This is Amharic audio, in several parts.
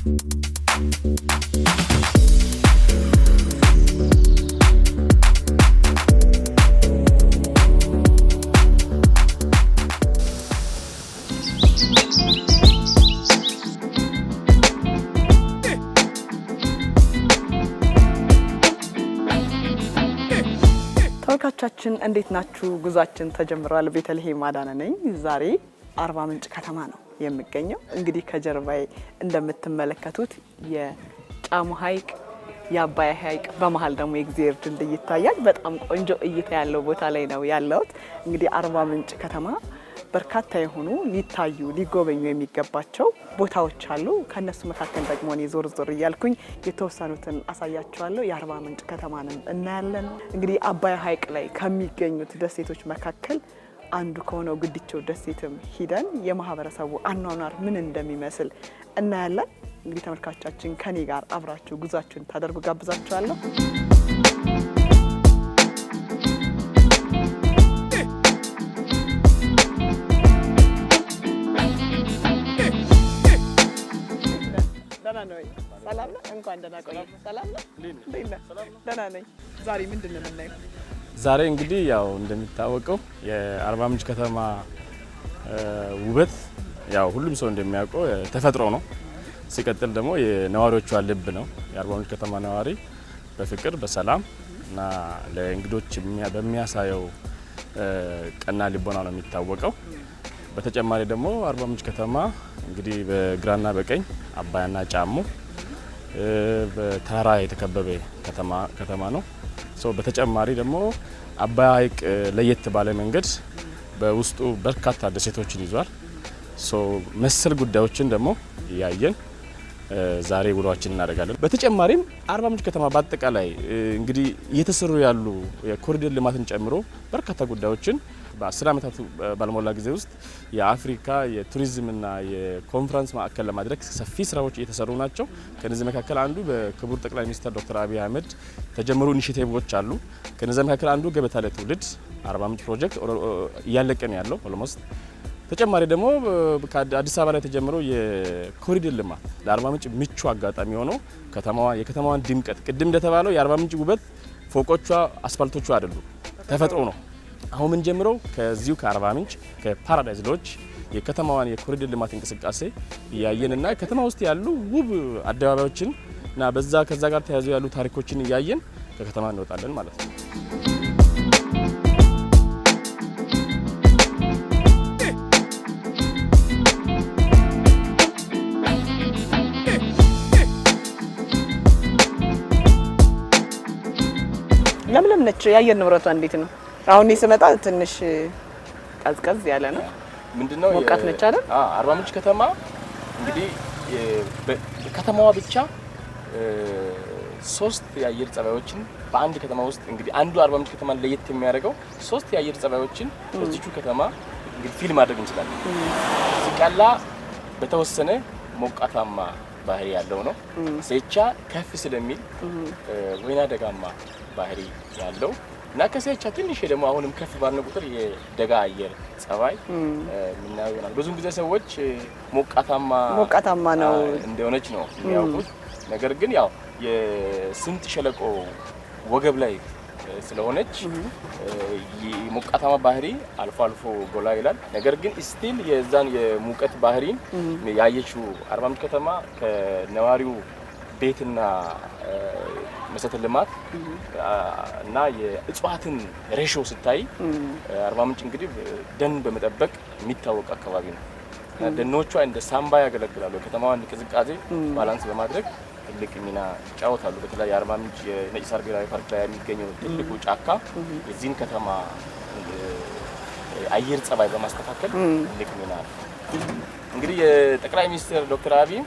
ተመልካቻችን እንዴት ናችሁ? ጉዟችን ተጀምሯል። ቤተልሔም አዳነ ነኝ። ዛሬ አርባ ምንጭ ከተማ ነው። የምገኘው። እንግዲህ ከጀርባዬ እንደምትመለከቱት የጫሙ ሐይቅ የአባይ ሐይቅ በመሀል ደግሞ የእግዚአብሔር ድልድይ ይታያል። በጣም ቆንጆ እይታ ያለው ቦታ ላይ ነው ያለሁት። እንግዲህ አርባ ምንጭ ከተማ በርካታ የሆኑ ሊታዩ ሊጎበኙ የሚገባቸው ቦታዎች አሉ። ከእነሱ መካከል ደግሞ እኔ ዞር ዞር እያልኩኝ የተወሰኑትን አሳያቸዋለሁ። የአርባ ምንጭ ከተማንም እናያለን። እንግዲህ አባይ ሐይቅ ላይ ከሚገኙት ደሴቶች መካከል አንዱ ከሆነው ግድቸው ደሴትም ሂደን የማህበረሰቡ አኗኗር ምን እንደሚመስል እናያለን። እንግዲህ ተመልካቾቻችን ከኔ ጋር አብራችሁ ጉዟችሁን ታደርጉ ጋብዛችኋለሁ። ሰላም ነው። እንኳን ደህና ቆየ። ሰላም ነው። ደህና ነኝ። ዛሬ ምንድን ነው የምናየው? ዛሬ እንግዲህ ያው እንደሚታወቀው የአርባ ምንጭ ከተማ ውበት ያው ሁሉም ሰው እንደሚያውቀው ተፈጥሮ ነው። ሲቀጥል ደግሞ የነዋሪዎቿ ልብ ነው። የአርባ ምንጭ ከተማ ነዋሪ በፍቅር በሰላም እና ለእንግዶች በሚያሳየው ቀና ልቦና ነው የሚታወቀው። በተጨማሪ ደግሞ አርባ ምንጭ ከተማ እንግዲህ በግራና በቀኝ አባያና ጫሞ በተራራ የተከበበ ከተማ ነው። በተጨማሪ ደግሞ አባይ ሐይቅ ለየት ባለ መንገድ በውስጡ በርካታ ደሴቶችን ይዟል። መሰል ጉዳዮችን ደግሞ እያየን ዛሬ ውሏችን እናደርጋለን። በተጨማሪም አርባ ምንጭ ከተማ በአጠቃላይ እንግዲህ እየተሰሩ ያሉ የኮሪደር ልማትን ጨምሮ በርካታ ጉዳዮችን በአስር ዓመታት ባልሞላ ጊዜ ውስጥ የአፍሪካ የቱሪዝምና የኮንፈረንስ ማዕከል ለማድረግ ሰፊ ስራዎች እየተሰሩ ናቸው። ከነዚህ መካከል አንዱ በክቡር ጠቅላይ ሚኒስትር ዶክተር አብይ አህመድ ተጀመሩ ኢኒሽቲቭዎች አሉ። ከነዚህ መካከል አንዱ ገበታ ለትውልድ አርባ ምንጭ ፕሮጀክት እያለቀን ያለው ኦልሞስት ተጨማሪ ደግሞ አዲስ አበባ ላይ ተጀምሮ የኮሪደር ልማት ለአርባ ምንጭ ምቹ አጋጣሚ ሆኖ ከተማዋ የከተማዋን ድምቀት ቅድም እንደተባለው የአርባ ምንጭ ውበት ፎቆቿ፣ አስፋልቶቿ አይደሉ ተፈጥሮ ነው። አሁን ምን ጀምረው ከዚሁ ከአርባ ምንጭ ከፓራዳይዝ ሎጅ የከተማዋን የኮሪደር ልማት እንቅስቃሴ እያየንና ከተማ ውስጥ ያሉ ውብ አደባባዮችን እና በዛ ከዛ ጋር ተያይዘው ያሉ ታሪኮችን እያየን ከከተማ እንወጣለን ማለት ነው። በጣም ነች። የአየር ንብረቷ እንዴት ነው? አሁን እኔ ስመጣ ትንሽ ቀዝቀዝ ያለ ነው። ምንድነው ሞቃት ነች አይደል? አርባ ምንጭ ከተማ እንግዲህ ከተማዋ ብቻ ሶስት የአየር ጸባዮችን በአንድ ከተማ ውስጥ እንግዲህ አንዱ አርባ ምንጭ ከተማ ለየት የሚያደርገው ሶስት የአየር ጸባዮችን በዚቹ ከተማ እንግዲህ ፊል ማድረግ እንችላለን። ሲቃላ በተወሰነ ሞቃታማ ባህሪ ያለው ነው። ሴቻ ከፍ ስለሚል ወይና ደጋማ ባህሪ ያለው እና ከሲያቻ ትንሽ ደግሞ አሁንም ከፍ ባልን ቁጥር የደጋ አየር ጸባይ የምናየው ይሆናል። ብዙውን ጊዜ ሰዎች ሞቃታማ ሞቃታማ ነው እንደሆነች ነው የሚያውቁት። ነገር ግን ያው የስምጥ ሸለቆ ወገብ ላይ ስለሆነች ሞቃታማ ባህሪ አልፎ አልፎ ጎላ ይላል። ነገር ግን ስቲል የዛን የሙቀት ባህሪን ያየችው አርባ ከተማ ከነዋሪው ቤትና መሰረተ ልማት እና የእጽዋትን ሬሾ ስታይ አርባ ምንጭ እንግዲህ ደን በመጠበቅ የሚታወቅ አካባቢ ነው። ደኖቿ እንደ ሳምባ ያገለግላሉ። ከተማዋን ቅዝቃዜ ባላንስ በማድረግ ትልቅ ሚና ይጫወታሉ። በተለይ አርባ ምንጭ የነጭ ሳር ብሔራዊ ፓርክ ላይ የሚገኘው ትልቁ ጫካ የዚህን ከተማ አየር ጸባይ በማስተካከል ትልቅ ሚና አለ። እንግዲህ የጠቅላይ ሚኒስትር ዶክተር አብይ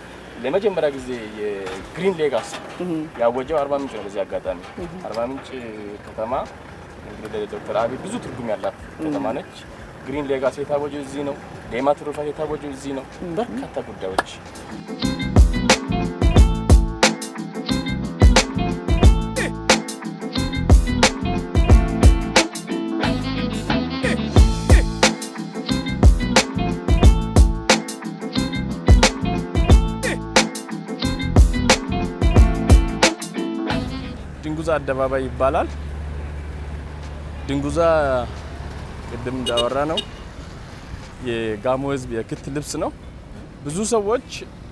ለመጀመሪያ ጊዜ የግሪን ሌጋስ ያወጀው አርባ ምንጭ ነው። በዚህ አጋጣሚ አርባ ምንጭ ከተማ እንግዲህ ዶክተር አብይ ብዙ ትርጉም ያላት ከተማ ነች። ግሪን ሌጋስ የታወጀው እዚህ ነው። ሌማ ትሩፋት የታወጀው እዚህ ነው። በርካታ ጉዳዮች አደባባይ ይባላል። ድንጉዛ ቅድም እንዳወራ ነው የጋሞ ህዝብ የክት ልብስ ነው። ብዙ ሰዎች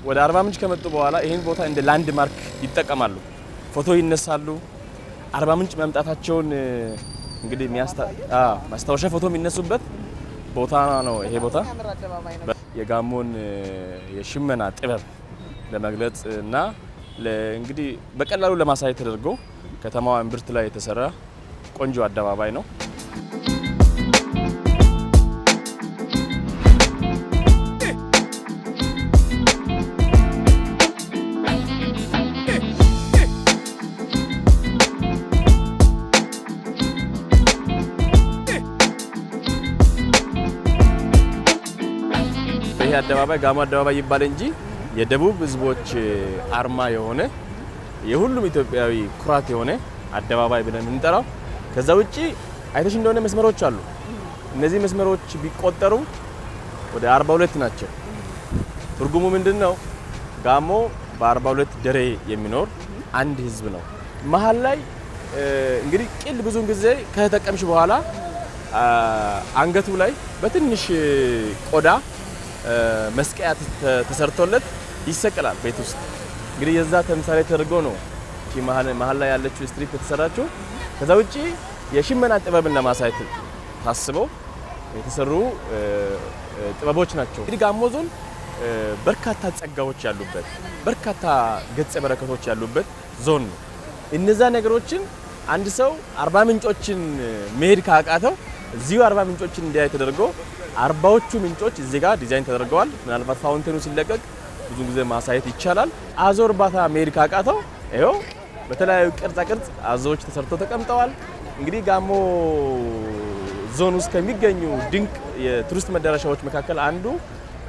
ወደ አርባ ምንጭ ከመጡ በኋላ ይህን ቦታ እንደ ላንድ ማርክ ይጠቀማሉ፣ ፎቶ ይነሳሉ። አርባ ምንጭ መምጣታቸውን እንግዲህ ማስታወሻ ፎቶ የሚነሱበት ቦታ ነው። ይሄ ቦታ የጋሞን የሽመና ጥበብ ለመግለጽ እና እንግዲህ በቀላሉ ለማሳየት ተደርጎ ከተማዋ እምብርት ላይ የተሰራ ቆንጆ አደባባይ ነው። ይህ አደባባይ ጋሞ አደባባይ ይባል እንጂ የደቡብ ሕዝቦች አርማ የሆነ የሁሉም ኢትዮጵያዊ ኩራት የሆነ አደባባይ ብለን የምንጠራው። ከዛ ውጪ አይተሽ እንደሆነ መስመሮች አሉ። እነዚህ መስመሮች ቢቆጠሩ ወደ 42 ናቸው። ትርጉሙ ምንድን ነው? ጋሞ በ42 ደሬ የሚኖር አንድ ህዝብ ነው። መሀል ላይ እንግዲህ ቂል ብዙውን ጊዜ ከተጠቀምሽ በኋላ አንገቱ ላይ በትንሽ ቆዳ መስቀያ ተሰርቶለት ይሰቀላል ቤት ውስጥ እንግዲህ የዛ ተምሳሌ ተደርጎ ነው እቺ መሀል ላይ ያለችው ስትሪት የተሰራችው። ከዛ ውጪ የሽመና ጥበብን ለማሳየት ታስበው የተሰሩ ጥበቦች ናቸው። እንግዲህ ጋሞ ዞን በርካታ ጸጋዎች ያሉበት በርካታ ገጸ በረከቶች ያሉበት ዞን ነው። እነዛ ነገሮችን አንድ ሰው አርባ ምንጮችን መሄድ ካቃተው እዚሁ አርባ ምንጮችን እንዲያይ ተደርጎ አርባዎቹ ምንጮች እዚህ ጋር ዲዛይን ተደርገዋል። ምናልባት ፋውንቴኑ ሲለቀቅ ብዙ ጊዜ ማሳየት ይቻላል። አዞ እርባታ አሜሪካ ቃተው ይኸው በተለያዩ ቅርጻ ቅርጽ አዞዎች ተሰርተው ተቀምጠዋል። እንግዲህ ጋሞ ዞን ውስጥ ከሚገኙ ድንቅ የቱሪስት መዳረሻዎች መካከል አንዱ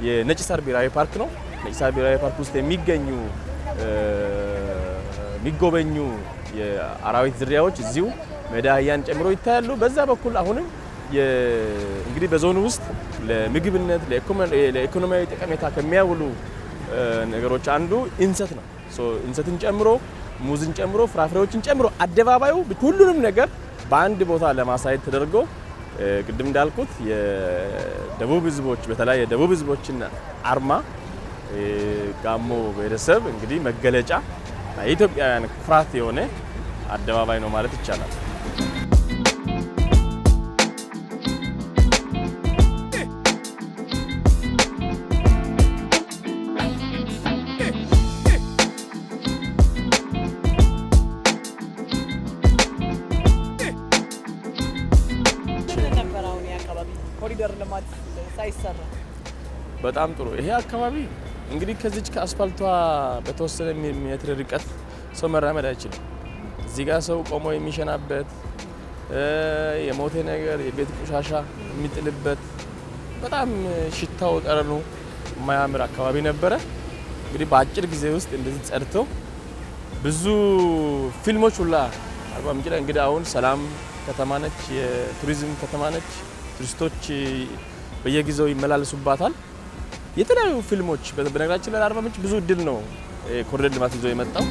የነጭ ሳር ብሔራዊ ፓርክ ነው። ነጭ ሳር ብሔራዊ ፓርክ ውስጥ የሚገኙ የሚጎበኙ የአራዊት ዝርያዎች እዚሁ ሜዳ አህያን ጨምሮ ይታያሉ። በዛ በኩል አሁንም እንግዲህ በዞኑ ውስጥ ለምግብነት ለኢኮኖሚያዊ ጠቀሜታ ከሚያውሉ ነገሮች አንዱ እንሰት ነው። እንሰትን ጨምሮ ሙዝን ጨምሮ ፍራፍሬዎችን ጨምሮ አደባባዩ ሁሉንም ነገር በአንድ ቦታ ለማሳየት ተደርጎ ቅድም እንዳልኩት የደቡብ ህዝቦች በተለይ የደቡብ ህዝቦችን አርማ ጋሞ ብሔረሰብ እንግዲህ መገለጫ የኢትዮጵያውያን ኩራት የሆነ አደባባይ ነው ማለት ይቻላል። በጣም ጥሩ። ይሄ አካባቢ እንግዲህ ከዚች ከአስፋልቷ በተወሰነ ሜትር ርቀት ሰው መራመድ አይችልም። እዚህ ጋር ሰው ቆሞ የሚሸናበት የሞቴ ነገር የቤት ቆሻሻ የሚጥልበት በጣም ሽታው ጠረኑ የማያምር አካባቢ ነበረ። እንግዲህ በአጭር ጊዜ ውስጥ እንደዚህ ጸድቶ ብዙ ፊልሞች ሁላ አርባ ምንጭ ላይ እንግዲህ አሁን ሰላም ከተማ ነች፣ የቱሪዝም ከተማ ነች። ቱሪስቶች በየጊዜው ይመላለሱባታል። የተለያዩ ፊልሞች በነገራችን ላይ አርባ ምንጭ ብዙ እድል ነው ኮሪደር ልማት ይዞ የመጣው።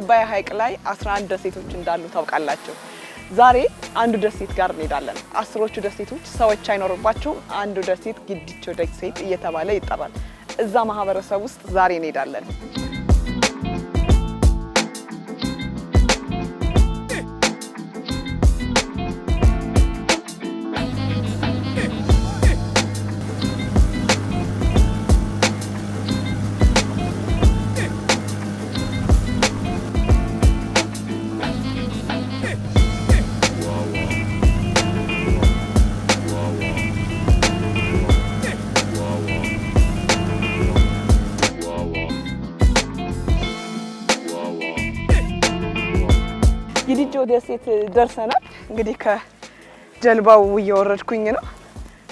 አባይ ሐይቅ ላይ 11 ደሴቶች እንዳሉ ታውቃላችሁ። ዛሬ አንዱ ደሴት ጋር እንሄዳለን። አስሮቹ ደሴቶች ሰዎች አይኖርባቸው አንዱ ደሴት ግድቾ ደሴት እየተባለ ይጠራል። እዛ ማህበረሰብ ውስጥ ዛሬ እንሄዳለን። ደሴት ደርሰናል። እንግዲህ ከጀልባው እየወረድኩኝ ነው።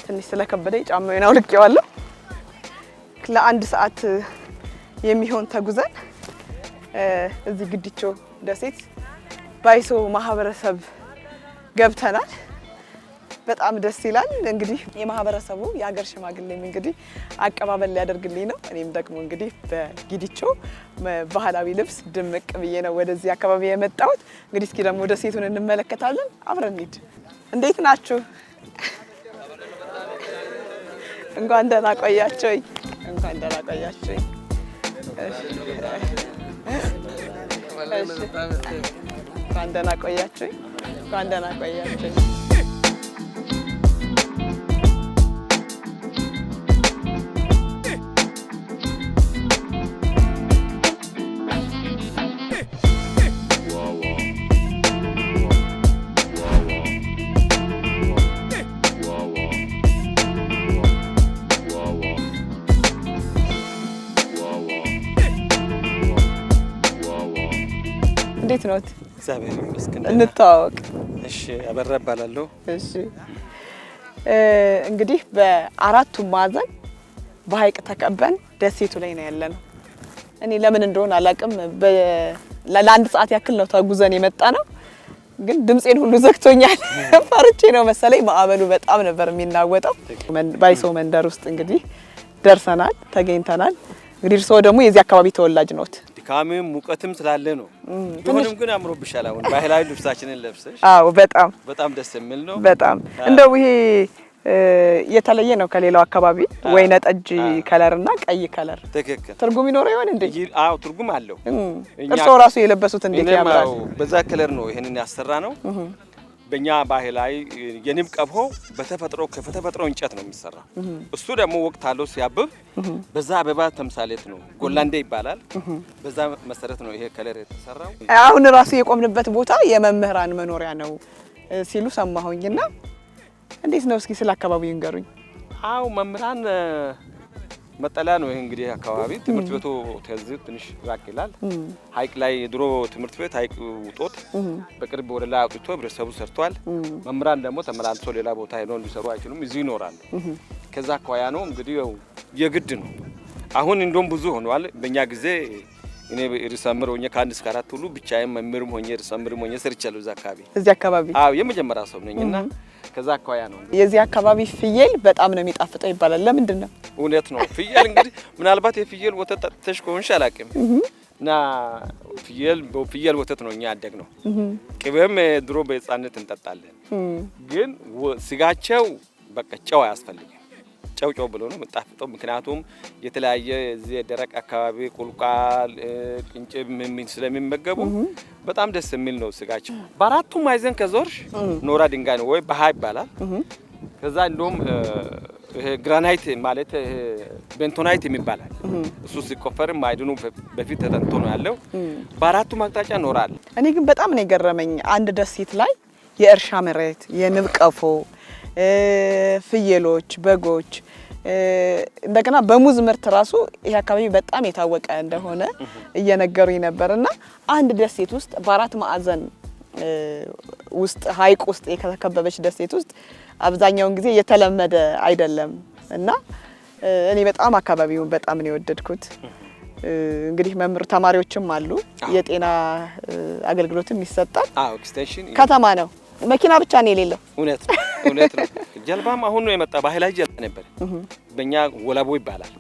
ትንሽ ስለከበደኝ ጫማዬን አውልቄዋለሁ። ለአንድ ሰዓት የሚሆን ተጉዘን እዚህ ግዲቾ ደሴት ባይሶ ማህበረሰብ ገብተናል። በጣም ደስ ይላል። እንግዲህ የማህበረሰቡ የሀገር ሽማግሌም እንግዲህ አቀባበል ሊያደርግልኝ ነው። እኔም ደግሞ እንግዲህ በጊዲቾ ባህላዊ ልብስ ድምቅ ብዬ ነው ወደዚህ አካባቢ የመጣሁት። እንግዲህ እስኪ ደግሞ ደሴቱን እንመለከታለን። አብረን እንሂድ። እንዴት ናችሁ? እንኳን ደህና ቆያችሁኝ። እንኳን ደህና ቆያችሁኝ። እንኳን ደህና ቆያችሁኝ። እንኳን ደህና ቆያችሁኝ። እግዚአብሔር ይመስገን። እንተዋወቅ። እሺ፣ እባላለሁ። እሺ፣ እንግዲህ ማዕዘን በሀይቅ ተከበን ደሴቱ ላይ ነው ያለነው። እኔ ለምን እንደሆነ አላውቅም። ለአንድ ሰዓት ያክል ነው ተጉዘን የመጣ ነው፣ ግን ድምፄን ሁሉ ዘግቶኛል። ፈርቼ ነው መሰለኝ። ማዕበሉ በጣም ነበር የሚናወጠው። ባይሶ መንደር ውስጥ እንግዲህ ደርሰናል፣ ተገኝተናል። እንግዲህ እርስዎ ደግሞ የዚህ አካባቢ ተወላጅ ነዎት። ድካምም ሙቀትም ስላለ ነው። ቢሆንም ግን አምሮብሻል። አሁን ባህላዊ ልብሳችንን ለብሰሽ። አዎ፣ በጣም በጣም ደስ የሚል ነው። በጣም እንደው ይሄ የተለየ ነው ከሌላው አካባቢ። ወይነ ጠጅ ከለር እና ቀይ ከለር ትክክል ትርጉም ይኖረው ይሆን እንዴ? አዎ ትርጉም አለው። እርሶ ራሱ የለበሱት እንዴት ያምራል። በዛ ከለር ነው ይሄንን ያሰራ ነው በእኛ ባህላዊ የንብ ቀብሆ በተፈጥሮ ከተፈጥሮ እንጨት ነው የሚሰራ። እሱ ደግሞ ወቅት አለው ሲያብብ፣ በዛ አበባ ተምሳሌት ነው ጎላንዴ ይባላል። በዛ መሰረት ነው ይሄ ከለር የተሰራው። አሁን ራሱ የቆምንበት ቦታ የመምህራን መኖሪያ ነው ሲሉ ሰማሁኝና፣ እንዴት ነው እስኪ ስለ አካባቢው ይንገሩኝ። አው መምህራን መጠለያ ነው። ይህ እንግዲህ አካባቢ ትምህርት ቤቱ ተዝ ትንሽ ራቅ ይላል። ሀይቅ ላይ የድሮ ትምህርት ቤት ሀይቅ ውጦት በቅርብ ወደ ላይ አውጥቶ ህብረተሰቡ ሰርቷል። መምህራን ደግሞ ተመላልሶ ሌላ ቦታ ሄዶ እንዲሰሩ አይችሉም፣ እዚሁ ይኖራሉ። ከዛ አኳያ ነው እንግዲህ የግድ ነው። አሁን እንደውም ብዙ ሆኗል። በእኛ ጊዜ እኔ ርሰምር ሆኜ ከአንድ እስከ አራት ሁሉ ብቻዬን መምህርም ሆኜ ርሰምርም ሆኜ ሰርቻለሁ። እዚ አካባቢ እዚ አካባቢ አዎ የመጀመሪያ ሰው ነኝ እና ከዛ አኳያ ነው። የዚህ አካባቢ ፍየል በጣም ነው የሚጣፍጠው ይባላል። ለምንድን ነው? እውነት ነው። ፍየል እንግዲህ ምናልባት የፍየል ወተት ጠጥተሽ ከሆንሽ አላውቅም እና ፍየል ወተት ነው እኛ ያደግ ነው። ቅቤም ድሮ በሕፃንነት እንጠጣለን፣ ግን ስጋቸው በቃ ጨው አያስፈልግም። ጨው ጨው ብሎ ነው የምጣፍጠው። ምክንያቱም የተለያየ እዚህ ደረቅ አካባቢ ቁልቋል፣ ቅንጭብ ምን ስለሚመገቡ በጣም ደስ የሚል ነው ስጋቸው። በአራቱ ማዕዘን ከዞር ኖራ ድንጋይ ነው ወይ በሃ ይባላል። ከዛ እንዲሁም ግራናይት ማለት ቤንቶናይት የሚባላል እሱ ሲቆፈር ማዕድኑ በፊት ተጠንቶ ነው ያለው። በአራቱ ማቅጣጫ ኖራል። እኔ ግን በጣም ነው የገረመኝ አንድ ደሴት ላይ የእርሻ መሬት የንብ ቀፎ ፍየሎች፣ በጎች እንደገና በሙዝ ምርት ራሱ ይህ አካባቢ በጣም የታወቀ እንደሆነ እየነገሩኝ ነበር እና አንድ ደሴት ውስጥ በአራት ማዕዘን ውስጥ ሐይቅ ውስጥ የተከበበች ደሴት ውስጥ አብዛኛውን ጊዜ የተለመደ አይደለም እና እኔ በጣም አካባቢውን በጣም ነው የወደድኩት። እንግዲህ መምህር ተማሪዎችም አሉ፣ የጤና አገልግሎትም ይሰጣል። ከተማ ነው፣ መኪና ብቻ ነው የሌለው። እውነት ነው። እውነት ነው። ጀልባም አሁን ነው የመጣ። ባህላዊ ጀልባ ነበር፣ በእኛ ወላቦ ይባላል።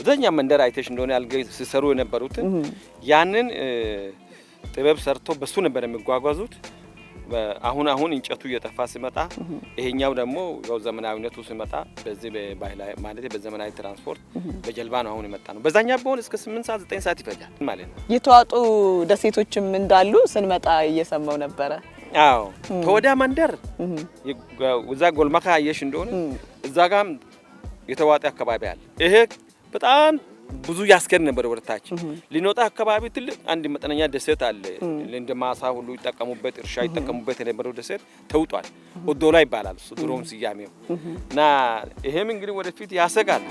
ብዛኛ መንደር አይተሽ እንደሆነ ያልገ ሲሰሩ የነበሩትን ያንን ጥበብ ሰርቶ በሱ ነበር የሚጓጓዙት። አሁን አሁን እንጨቱ እየጠፋ ሲመጣ ይሄኛው ደግሞ ያው ዘመናዊነቱ ሲመጣ በዚህ በባህላዊ ማለት በዘመናዊ ትራንስፖርት በጀልባ ነው አሁን የመጣ ነው። በዛኛ ቢሆን እስከ 8 ሰዓት 9 ሰዓት ይፈጃል ማለት ነው። የተዋጡ ደሴቶችም እንዳሉ ስንመጣ እየሰማው ነበረ። አዎ ተወዳ መንደር እዛ ጎልማካ አየሽ እንደሆነ እዛ ጋም የተዋጠ አካባቢ አለ። ይሄ በጣም ብዙ ያስገድ ነበር ወደታች ሊኖጣ አካባቢ ትልቅ አንድ መጠነኛ ደሴት አለ። እንደ ማሳ ሁሉ ይጠቀሙበት እርሻ ይጠቀሙበት የነበረው ደሴት ተውጧል። ኦዶላ ይባላል ድሮም ስያሜው እና ይሄም እንግዲህ ወደፊት ያሰጋል።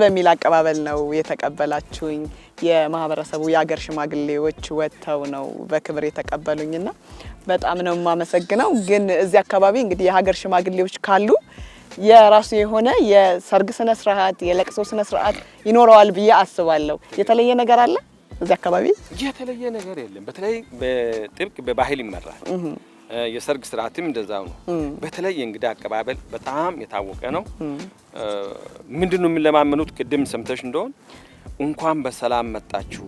በሚል አቀባበል ነው የተቀበላችሁኝ። የማህበረሰቡ የአገር ሽማግሌዎች ወጥተው ነው በክብር የተቀበሉኝና በጣም ነው የማመሰግነው። ግን እዚህ አካባቢ እንግዲህ የሀገር ሽማግሌዎች ካሉ የራሱ የሆነ የሰርግ ስነ ስርዓት፣ የለቅሶ ስነ ስርዓት ይኖረዋል ብዬ አስባለሁ። የተለየ ነገር አለ እዚህ አካባቢ? የተለየ ነገር የለም። በተለይ በጥብቅ በባህል ይመራል የሰርግ ስርዓትም እንደዛው ነው። በተለይ የእንግዳ አቀባበል በጣም የታወቀ ነው። ምንድን ነው የምንለማመኑት? ቅድም ሰምተሽ እንደሆን እንኳን በሰላም መጣችሁ።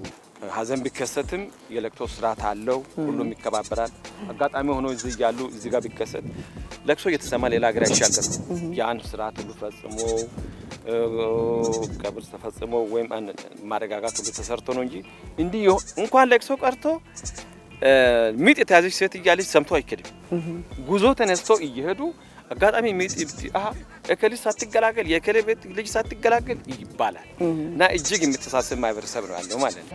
ሀዘን ቢከሰትም የለቅሶ ስርዓት አለው። ሁሉም ይከባበራል። አጋጣሚ ሆኖ እዚህ እያሉ እዚህ ጋር ቢከሰት ለቅሶ እየተሰማ ሌላ ሀገር ያሻገር ያን ስርዓት ሁሉ ፈጽሞ ቀብር ተፈጽሞ ወይም ማረጋጋት ሁሉ ተሰርቶ ነው እንጂ እንዲህ እንኳን ለቅሶ ቀርቶ ሚጥ የተያዘች ሴት እያለች ሰምቶ አይክድም። ጉዞ ተነስተው እየሄዱ አጋጣሚ ሚጥ እከልጅ ሳትገላገል የእከሌ ቤት ልጅ ሳትገላገል ይባላል እና እጅግ የሚተሳሰብ ማህበረሰብ ነው ያለው ማለት ነው።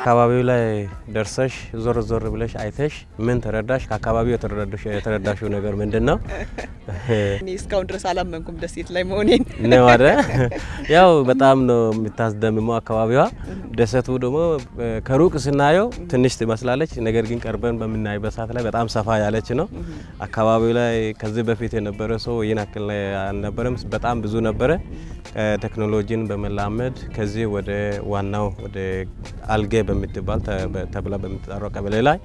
አካባቢው ላይ ደርሰሽ ዞር ዞር ብለሽ አይተሽ ምን ተረዳሽ? ከአካባቢው የተረዳሽው ነገር ምንድን ነው? እኔ እስካሁን ድረስ አላመንኩም ደሴት ላይ መሆኔን ነው። አረ ያው በጣም ነው የምታስደምመው አካባቢዋ። ደሴቱ ደግሞ ከሩቅ ስናየው ትንሽ ትመስላለች፣ ነገር ግን ቀርበን በምናይበት ሰዓት ላይ በጣም ሰፋ ያለች ነው። አካባቢው ላይ ከዚህ በፊት የነበረ ሰው ይህን አክል ላይ አልነበረም፣ በጣም ብዙ ነበረ። ቴክኖሎጂን በመላመድ ከዚህ ወደ ዋናው ወደ አልጌ በምትባል ተብላ በምትጠራው ቀበሌ ላይ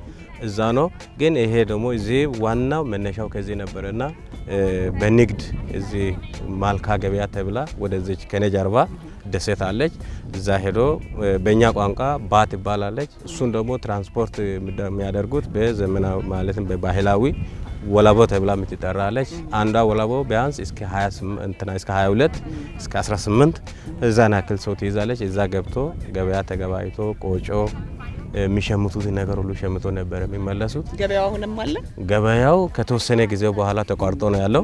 እዛ ነው። ግን ይሄ ደግሞ እዚህ ዋናው መነሻው ከዚህ ነበረና በንግድ እዚህ ማልካ ገበያ ተብላ ወደዚች ከኔ ጀርባ ደሴት አለች። እዛ ሄዶ በእኛ ቋንቋ ባት ይባላለች። እሱን ደግሞ ትራንስፖርት የሚያደርጉት በዘመናዊ ማለትም በባህላዊ ወላቦ ተብላ የምትጠራለች። አንዷ ወላቦ ቢያንስ እስከ 22 እስከ 18 እዛን ያክል ሰው ትይዛለች። እዛ ገብቶ ገበያ ተገባይቶ ቆጮ የሚሸምቱትን ነገር ሁሉ ሸምቶ ነበር የሚመለሱት። ገበያው አሁንም አለ። ገበያው ከተወሰነ ጊዜ በኋላ ተቋርጦ ነው ያለው።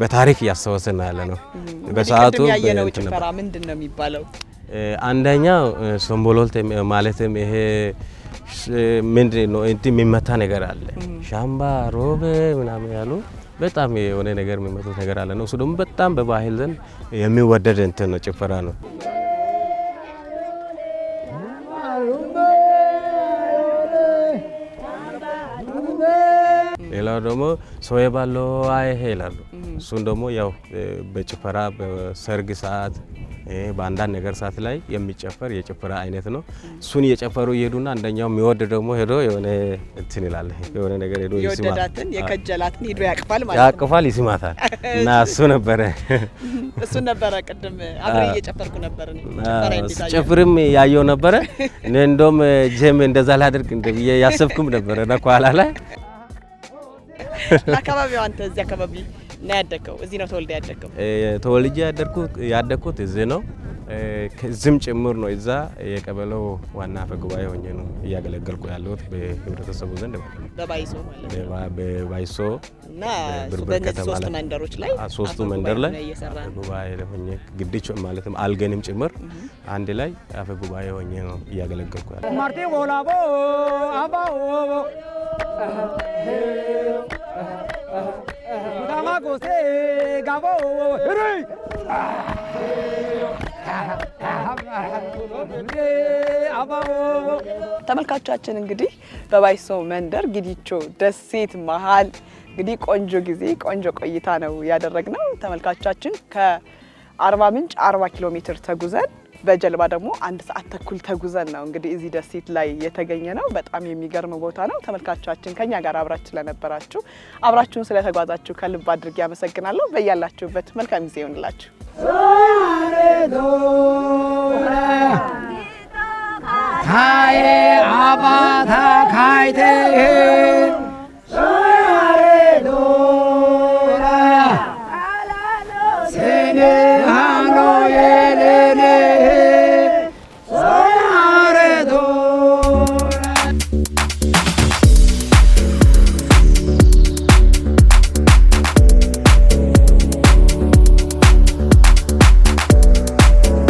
በታሪክ እያስታወስን ያለ ነው። በሰዓቱ ያየነው ጭፈራ ምንድን ነው የሚባለው? አንደኛ ሶምቦሎልት ማለትም ይሄ ምንድን ነው እንትን የሚመታ ነገር አለ። ሻምባ ሮቤ ምናምን ያሉ በጣም የሆነ ነገር የሚመቱት ነገር አለ ነው። እሱ ደግሞ በጣም በባህል ዘንድ የሚወደድ እንትን ነው ጭፈራ ነው። ሌላው ደግሞ ሰውዬ ባለው አይሄ ይላሉ። እሱን ደግሞ ያው በጭፈራ በሰርግ ሰዓት በአንዳንድ ነገር ሰዓት ላይ የሚጨፈር የጭፈራ አይነት ነው። እሱን እየጨፈሩ እየሄዱና አንደኛው የሚወድ ደግሞ ሄዶ የሆነ እንትን ይላል የሆነ ነገር ሄዶ ይወደዳትን የከጀላትን ሄዶ ያቅፋል ማለት ነው። ያቅፋል ይስማታል። እና እሱ ነበረ እሱ ነበረ ቅድም አብሬ እየጨፈርኩ ነበር ጭፍርም ያየው ነበረ። እኔ እንደውም ጄም እንደዛ ላድርግ እንደብዬ ያሰብኩም ነበረ ነኳላ ላይ አካባቢው አንተ እዚህ አካባቢ ነው ያደግከው? እዚህ ነው ተወልደ ያደግከው? ተወልጄ ያደግኩት እዚህ ነው። ከዚህም ጭምር ነው። እዛ የቀበለው ዋና አፈ ጉባኤ ሆኜ ነው እያገለገልኩ ያለሁት በህብረተሰቡ ዘንድ በባይሶ በባይሶ እና ሶስቱ መንደሮች ላይ ሶስቱ መንደር ላይ ጉባኤ ሆኜ ግድች ማለት ነው። አልገንም ጭምር አንድ ላይ አፈ ጉባኤ ሆኜ ነው እያገለገልኩ ያለሁት። ጉዳማጎሴ ጋቦ ሂሩይ እንግዲህ በባይሶ መንደር ጊዲቾ ደሴት መሀል እንግዲህ ቆንጆ ጊዜ ቆንጆ ቆይታ ነው ያደረግነው። ተመልካቾቻችን ከአርባ ምንጭ አርባ ኪሎ ሜትር ተጉዘን በጀልባ ደግሞ አንድ ሰዓት ተኩል ተጉዘን ነው እንግዲህ እዚህ ደሴት ላይ የተገኘ ነው። በጣም የሚገርም ቦታ ነው። ተመልካቾቻችን ከኛ ጋር አብራችሁ ስለነበራችሁ አብራችሁን ስለተጓዛችሁ ከልብ አድርጌ አመሰግናለሁ። በያላችሁበት መልካም ጊዜ ይሆንላችሁ።